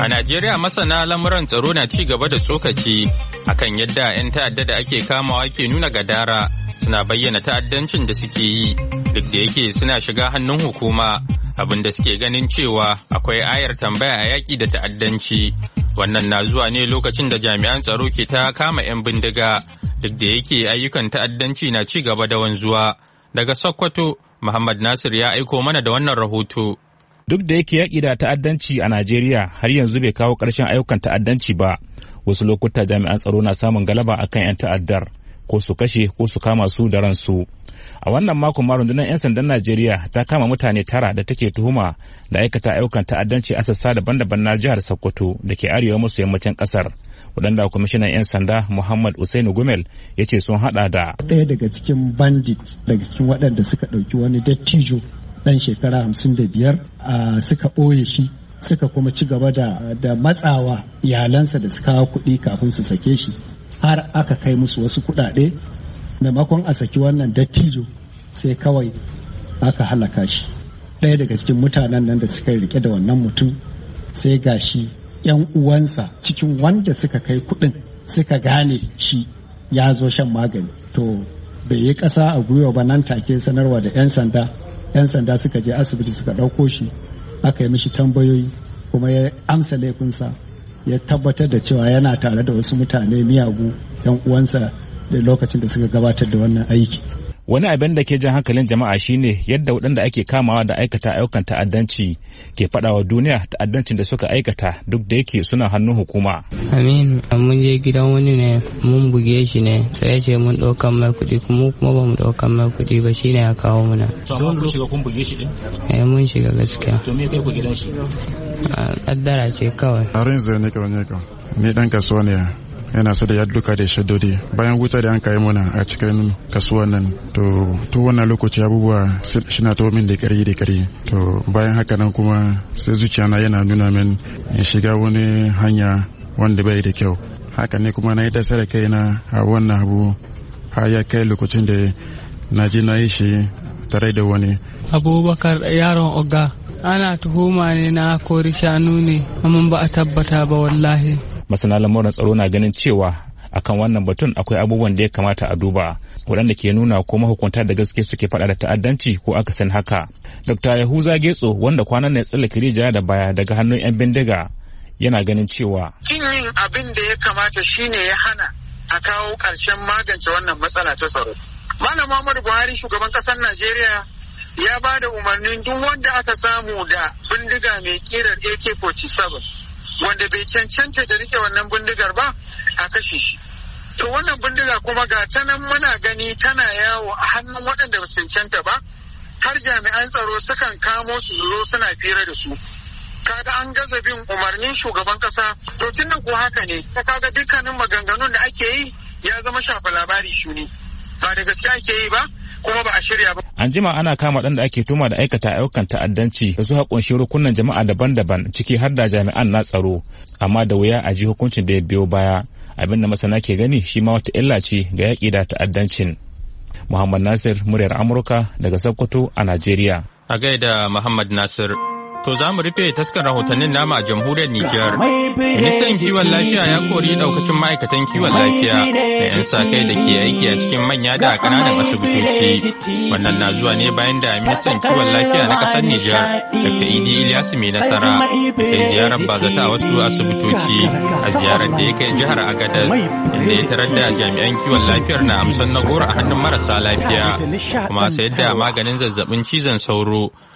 A Najeriya masana lamuran tsaro na ci gaba da tsokaci akan yadda 'yan ta'adda da ake kamawa ke nuna gadara suna bayyana ta'addancin da suke yi duk da yake suna shiga hannun hukuma abin da suke ganin cewa akwai ayar tambaya a yaƙi da ta'addanci. Wannan na zuwa ne lokacin da jami'an tsaro ke ta kama 'yan bindiga duk da yake ayyukan ta'addanci na ci gaba da wanzuwa. Daga Sokoto, Muhammad Nasir ya aiko mana da wannan rahoto. duk da yake yaƙi da ta'addanci a najeriya har yanzu bai kawo ƙarshen ayyukan ta'addanci ba wasu lokuta jami'an tsaro na samun galaba akan 'yan ta'addar ko su kashe ko su kama su da ransu a wannan makon ma rundunar 'yan sandan najeriya ta kama mutane tara da take tuhuma da aikata ayyukan ta'addanci a sassa daban-daban na jihar sokoto da ke arewa maso yammacin ƙasar waɗanda kwamishinan 'yan sanda muhammad usainu gumel ya ce sun hada da ɗaya daga cikin bandit daga cikin waɗanda suka ɗauki wani dattijo ɗan shekara hamsin da biyar suka ɓoye shi suka kuma ci gaba da matsawa iyalansa da suka kawo kuɗi kafin su sake shi har aka kai musu wasu kuɗaɗe maimakon a saki wannan dattijo sai kawai aka halaka shi ɗaya daga cikin mutanen nan da suka rike da wannan mutum sai ga shi yan uwansa cikin wanda suka kai kuɗin suka gane shi ya zo shan magani to bai yi ƙasa a gwiwa ba nan take sanarwa da 'yan sanda 'yan sanda suka je asibiti suka ɗauko shi aka yi mishi tambayoyi kuma ya amsa laifinsa ya tabbatar da cewa yana tare da wasu mutane miyagu 'yan uwansa da lokacin da suka gabatar da wannan aiki wani abin da ke jan hankalin jama'a shine yadda waɗanda ake kamawa da aikata ayyukan ta'addanci ke faɗawa duniya ta'addancin da suka aikata duk da yake suna hannun hukuma amin mun je gidan wani ne mun buge shi ne sai ce mun ɗaukan mai kuɗi kuma kuma ba mu ɗaukan mai kuɗi ba shine ya kawo muna to amma shiga kun buge shi din eh mun shiga gaskiya to me kai ku gidan shi kaddara ah, ce kawai harin zai ne kawai ne kawai ni dan kasuwa ne yana so da yadduka da shaddodi bayan wuta da an kai mana a cikin kasuwan nan to to wannan lokaci abubuwa shina to min da kari da kari to bayan haka nan kuma sai zuciya na yana nuna min in shiga wani hanya wanda bai da kyau haka ne kuma na yi kai na a wannan abu har ya kai lokacin da na ji na yi shi tare da wani abubakar yaron oga ana tuhuma ne na kori shanu ne amma ba a tabbata ba wallahi masana lamuran tsaro na ganin cewa akan wannan batun akwai abubuwan da ya kamata a duba waɗanda ke nuna ko mahukunta da gaske suke faɗa da ta'addanci ko aka san haka dr yahuza getso wanda kwanan na tsallake rijiya da baya daga hannun 'yan bindiga yana ganin cewa kin yin abin da ya kamata shine ya hana a kawo ƙarshen magance wannan matsala ta tsaro malam muhammadu buhari shugaban ƙasar najeriya ya ba da umarnin duk wanda aka samu da bindiga mai kirar ak-47 wanda bai cancanta da rike wannan bindigar ba a kashe shi to wannan bindiga kuma ga ta nan muna gani tana yawo a hannun waɗanda ba cancanta ba har jami'an tsaro sukan kamo su zuro suna fira da su kaga an gaza bin umarnin shugaban kasa to tun ko haka ne ta kaga dukkanin maganganun da ake yi ya zama shafa labari shuni ba da gaske ake yi ba kuma ba a shirya ba. An jima ana kama ɗan da ake tuma da aikata ayyukan ta'addanci da su haƙunshi rukunan jama'a daban-daban ciki har da jami'an na tsaro amma da wuya a ji hukuncin da ya biyo baya abin da masana ke gani shi ma wata illa ce ga yaƙi da ta'addancin. Muhammad Nasir muryar Amurka daga Sokoto a Najeriya. A gaida Muhammad Nasir. To za mu rufe taskar rahotannin nama a jamhuriyar Nijar. Ministan kiwon lafiya ya kori daukacin ma'aikatan kiwon lafiya da 'yan sa-kai da ke aiki a cikin manya da ƙananan asibitoci. Wannan na zuwa ne bayan da ministan kiwon lafiya na ƙasar Nijar, Dr. Idi Ilyasu mai nasara, da kai ziyarar bazata a wasu asibitoci a ziyarar da ya kai jihar Agadez, inda ya tarar da jami'an kiwon lafiyar na amsan na goro a hannun marasa lafiya, kuma sayar da maganin zazzabin cizon sauro.